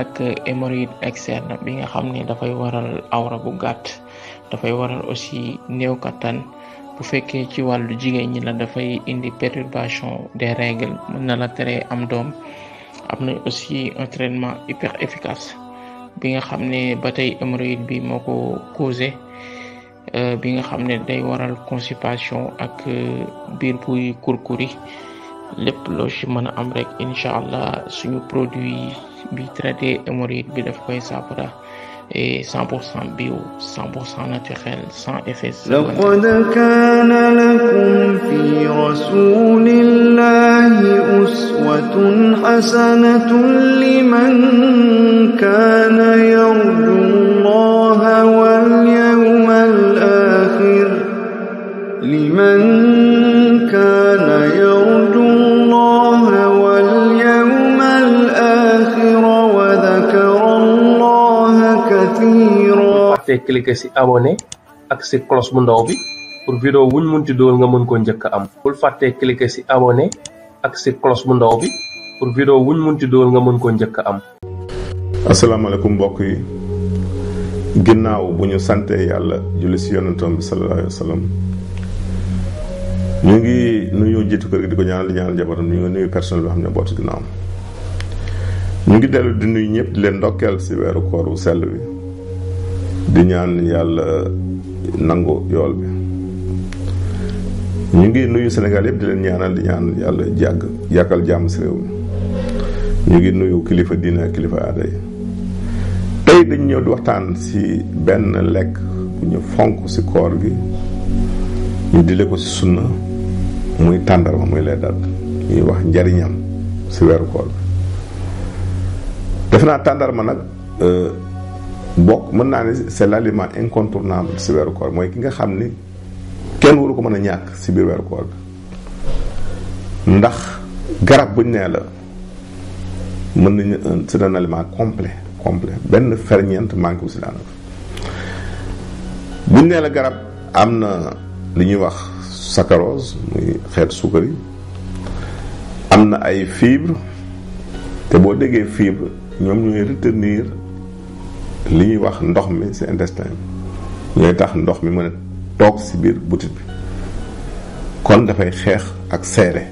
ak hémorroïde externe bi nga xam ne dafay waral awra bu gàtt dafay waral aussi néew kattan bu fekkee ci wàllu jigéen ñi la dafay indi perturbation des règles mën na la tere am doom am na aussi un traitement hyper efficace bi nga xam ne ba tey hémorroïde bi moo ko causé euh, bi nga xam ne day waral constipation ak euh, biir buy kurkuri lépp loo ci mën am rek incha allah suñu produit bi traité hémorroïdes bi daf koy saafara et 100% bio 100% naturel sans effet لقد كان لكم في رسول الله أسوة حسنة لمن كان يرجو الله واليوم الآخر لمن fàtte cliquer ci abonné ak ci cloche bu ndaw bi pour vidéo wuñ munti dool nga mën ko ñëk am bul faté cliquer ci abonné ak ci cloche bu ndaw bi pour vidéo wuñ munti dool nga mën ko ñëk am assalamu alaykum mbokk yi ginnaw buñu santé yalla julli ci yonentam bi sallallahu alayhi wasallam ñu ngi nuyu jittu kër gi di ko ñaanal di ñaanal jabaram ñu ngi nuyu personnel bi xam bot ginnaw ñu ngi delu di nuyu ñëpp di leen ndokkeel ci wéru koor wu sell bi di ñaan yàlla nango yool bi ñu ngi nuyu sénégal yëpp di leen ñaanal di ñaan yàlla jàgg yàkkal jàmm si réew mi ngi nuyu kilifa dina kilifa aada yi tey dañ ñëw di waxtaan si Ben lekk bu ñu fonk si koor gi ñu dile ko si sunna muy tàndarma muy lay dal ñuy wax njariñam si weeru koor bi tanda naa tàndarma nag euh, bokk mën naa ne c'est l'aliment incontournable si weeru koor mooy ki nga xam ni kenn waru ko mën a ñàkk si biir weeru koor ndax garab buñ nee la mën nañu c'est un aliment complet complet benn ferñeent manqué wu si daanaka buñ nee la garab am na li ñuy wax saccharose muy xeet suukar yi am na ay fibre te boo déggee fibre ñoom ñooy retenir li ñuy wax ndox mi ci intestin bi ñooy tax ndox mi mën a toog ci biir butit bi kon dafay xeex ak seere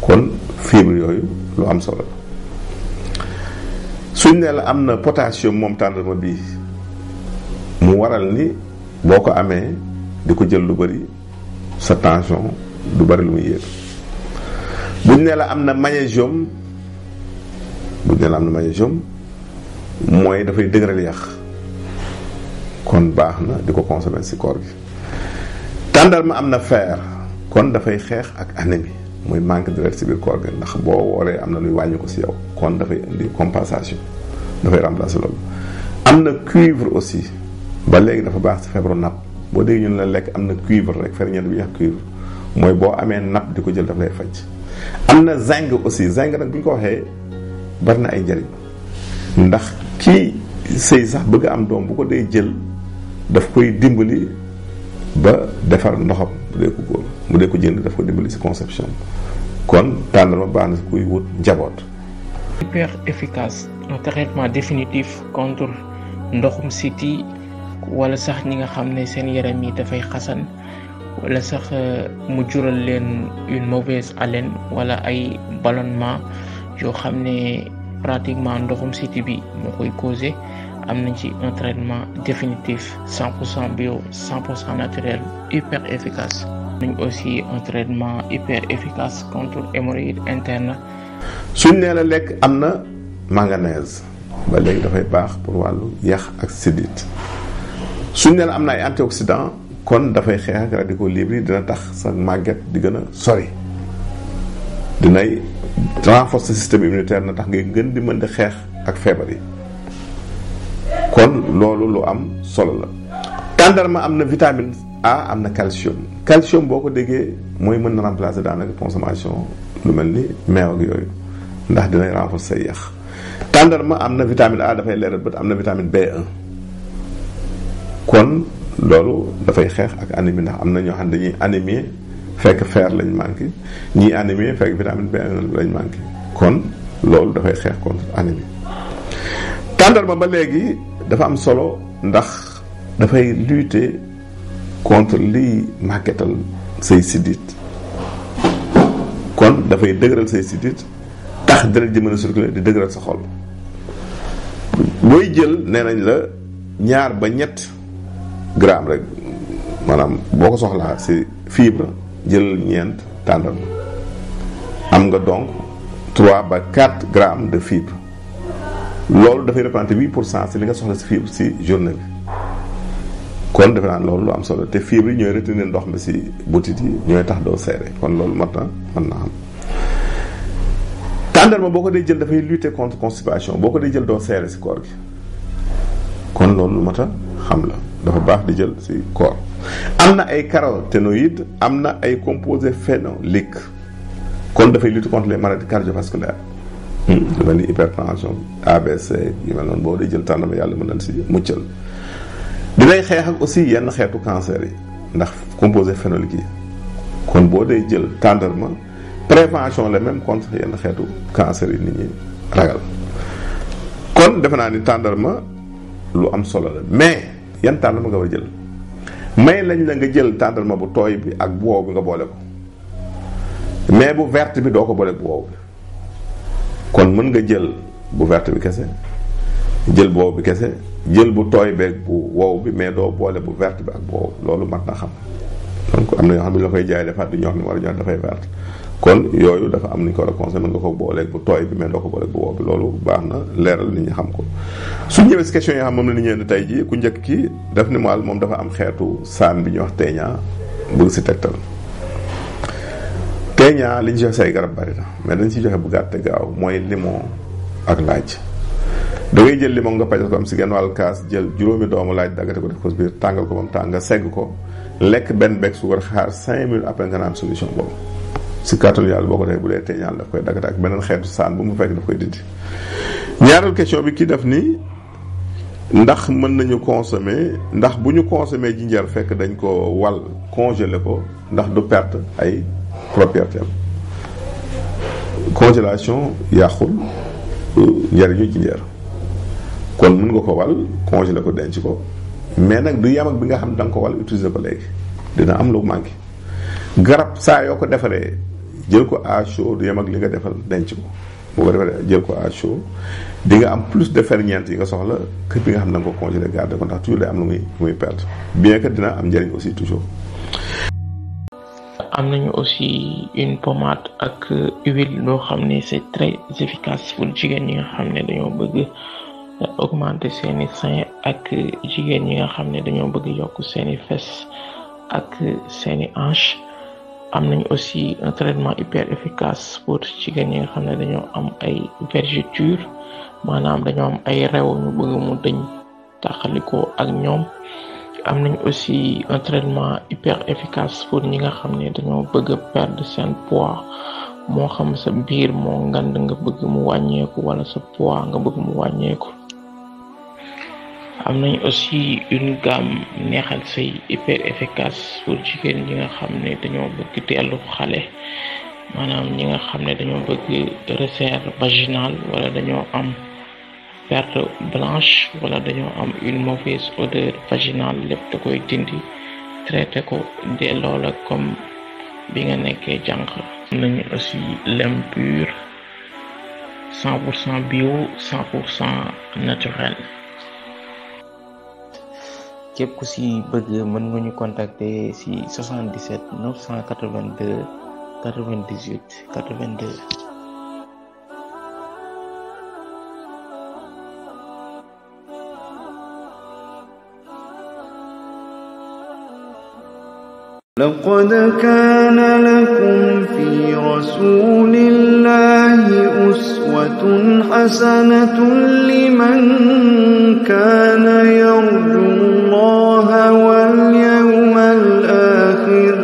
kon fibre yooyu lu am solo la suñ ne la am na potassium moom tàndarma bii mu waral ni boo ko amee di ko jël lu bari sa tension lu bari lu muy yéeg buñ ne la am na magnésium buñ ne la am na magnésium mooy dafay dëgëral yax kon baax na di ko consommer ci koor gi tàndarma am na fer kon dafay xeex ak anémie mooy manque deret si biir koor gi ndax boo wooree am na luy wàññiku si ci yow kon dafay indi compensation dafay remplacer loolu am na cuivre aussi ba léegi dafa baax ci feebaru napp boo déggee ñu la lekk am na cuivre rek ferñeent bi ñuy wax cuivre mooy boo amee napp di ko jël daf lay faj am na zinc aussi zinc nag bi ñu ko waxee bari na ay njëriñ ndax ci sëy sax bëgg am doom bu ko dee jël daf koy dimbali ba defar ndoxam bu dee ko góor bu ko jënd daf dimbali si conception kon tàndarma baax na kuy wut njaboot. hyper efficace un traitement définitif contre ndoxum siti wala sax ñi nga xam ne seen yaram yi dafay xasan walla sax euh, mu jural leen une mauvaise haleine wala ay ballonnement yoo xam ne. pratiquement ndoxum city bi moo koy causé am nañ ci un traitement définitif 100% bio 100% naturel hyper efficace nañ aussi un traitement hyper efficace contre hémorroïde interne suñ nee la lekk am manganèse ba léegi dafay baax pour wàllu yax ak sidit suñ nee la ay antioxydant kon dafay xeex ak radicaux libres dina tax sa màgget di dinay renforcer système immunitaire na tax ngay gën di mën di xeex ak feebar yi kon loolu lu am solo la tàndarma am na vitamine a am na calcium calcium boo ko déggee mooy mën na remplacer daanaka consommation lu mel ni meew ak yooyu ndax dinay renforcer yax tàndarma am na vitamine a dafay leeral bët am na vitamine b1 kon loolu dafay xeex ak anémie ndax am na ñoo xam dañuy anémie fekk fer lañ manqué ñii anémie fekk vitamine B1 lañ manqué kon loolu dafay xeex contre anémie tàndarma ba léegi dafa am solo ndax dafay lutter contre liy màggetal say siddit kon dafay dëgëral say siddit tax deret ji mën a di dëgëral sa xol booy jël nee nañ la ñaar ba ñett gramme rek maanaam boo ko soxlaa si fibre jël ñeent tàndarma am nga donc 3 ba 4 grammes de fibre loolu dafay représenté 8 pour cent si li nga soxla si fibre si journée bi kon defe naa loolu lu am solo te fibre yi ñooy retenir ndox mi si butit yi ñooy tax doo seere kon loolu mat na naa am boo ko jël dafay lutter contre constipation boo ko dee jël doo seere si koor kon loolu lu mat a xam la dafa baax di jël si koor am na ay caroténoïdes am na ay composés phénoliques kon dafay lutter contre les maladies cardiovasculaires hmm, lu mel ni hypertension ABC yu mel noonu boo dee jël tàndama yàlla mën na si muccal dinay xeex ak aussi yenn xeetu cancer yi ndax composé phénolique yi kon boo dee jël tàndarma prévention la même contre yenn xeetu cancer yi nit ñi ragal kon defe naa ni tàndarma lu am solo la mais yan tàndarma nga war a jël may lañ la nga jël ma bu tooy bi ak bu wow bi nga boole ko mais bu verte bi doo ko boole bu wow bi kon mën nga jël bu verte bi kese jël bu wow bi kese jël bu tooy beek bu wow bi mais doo boole bu verte bi ak bu wow loolu mat na xam donc am na yoo xam ne la koy jaay defaat du ñoo xam ne war a ñoo dafay verte kon yooyu dafa am ni ko la conseil mën nga ko booleeg bu tooy bi mais doo ko booleeg bu woo bi loolu baax na leeral nit ñi xam ko su ñëwee si question yi xam moom la nit ñeen tey ji ku njëkk ki daf ni mal moom dafa am xeetu saan bi ñuy wax teeñaa bëgg si tegtal teeñaa li ñu joxe say garab bari na mais dañ si joxe bu gàtte gaaw mooy limon ak laaj da ngay jël limon nga pajal ko am si genn wàll kaas jël juróomi doomu laaj daggate ko def ko biir tàngal ko ba mu tàng nga segg ko lekk benn beeg suukar xaar 5 minutes après nga naan solution boobu si kàttanu yàlla boo ko defee bu dee teeñaan daf koy dagg ak beneen xeetu saan bu mu fekk daf koy dindi. ñaareelu question bi kii def nii ndax mën nañu consommer ndax bu ñu consommer jinjeer fekk dañ ko wal congeler ko ndax du perte ay propriété congélation yàqul euh, njariñu jinjeer kon mën nga ko wal congeler ko denc ko mais nag du yem ak bi nga xam ne da ko wal utiliser ko léegi dina am lu manqué garab saa yoo ko defaree jël ko à chaud du yem li nga defar denc ko boo ko jël ko à chaud di nga am plus de ferñeent yi nga soxla que bi nga xam ne nga ko congelé garder ko ndax toujours day am lu muy muy perte bien que dina am njëriñ aussi toujours. am nañu aussi une pommade ak huile loo xam ne c'est très efficace pour jigéen ñi nga xam ne dañoo bëgg euh, augmenter seeni sein ak jigéen ñi nga xam ne dañoo bëgg yokk seeni fes ak seeni hanche am nañ aussi un traitement hyper efficace pour jigéen ñi nga xam ne dañoo am ay vergeture maanaam dañoo am ay rew ñu bëgg mu dañ taxaliko ak ñoom am nañ aussi un traitement hyper efficace pour ñi nga xam ne dañoo bëgg perdre seen poids moo xam sa biir moo ngand nga bëgg mu wàññeeku wala sa poids nga bëgg mu wàññeeku am nañ aussi une gamme neexal say hyper efficace pour jigéen ñi nga xam ne dañoo bëgg teelu xale maanaam ñi nga xam ne dañoo bëgg resserre vaginal wala dañoo am perte blanche wala dañoo am une mauvaise odeur vaginale lépp da koy dindi traité ko delloo la comme bi nga nekkee jànq aussi lem pur cent cent bio cent naturel képp ku si bëgg mën nga ñu contacter si 77 982 98 82. لقد كان لكم في رسول حسنة لمن كان يرجو الله واليوم الآخر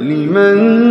لمن كان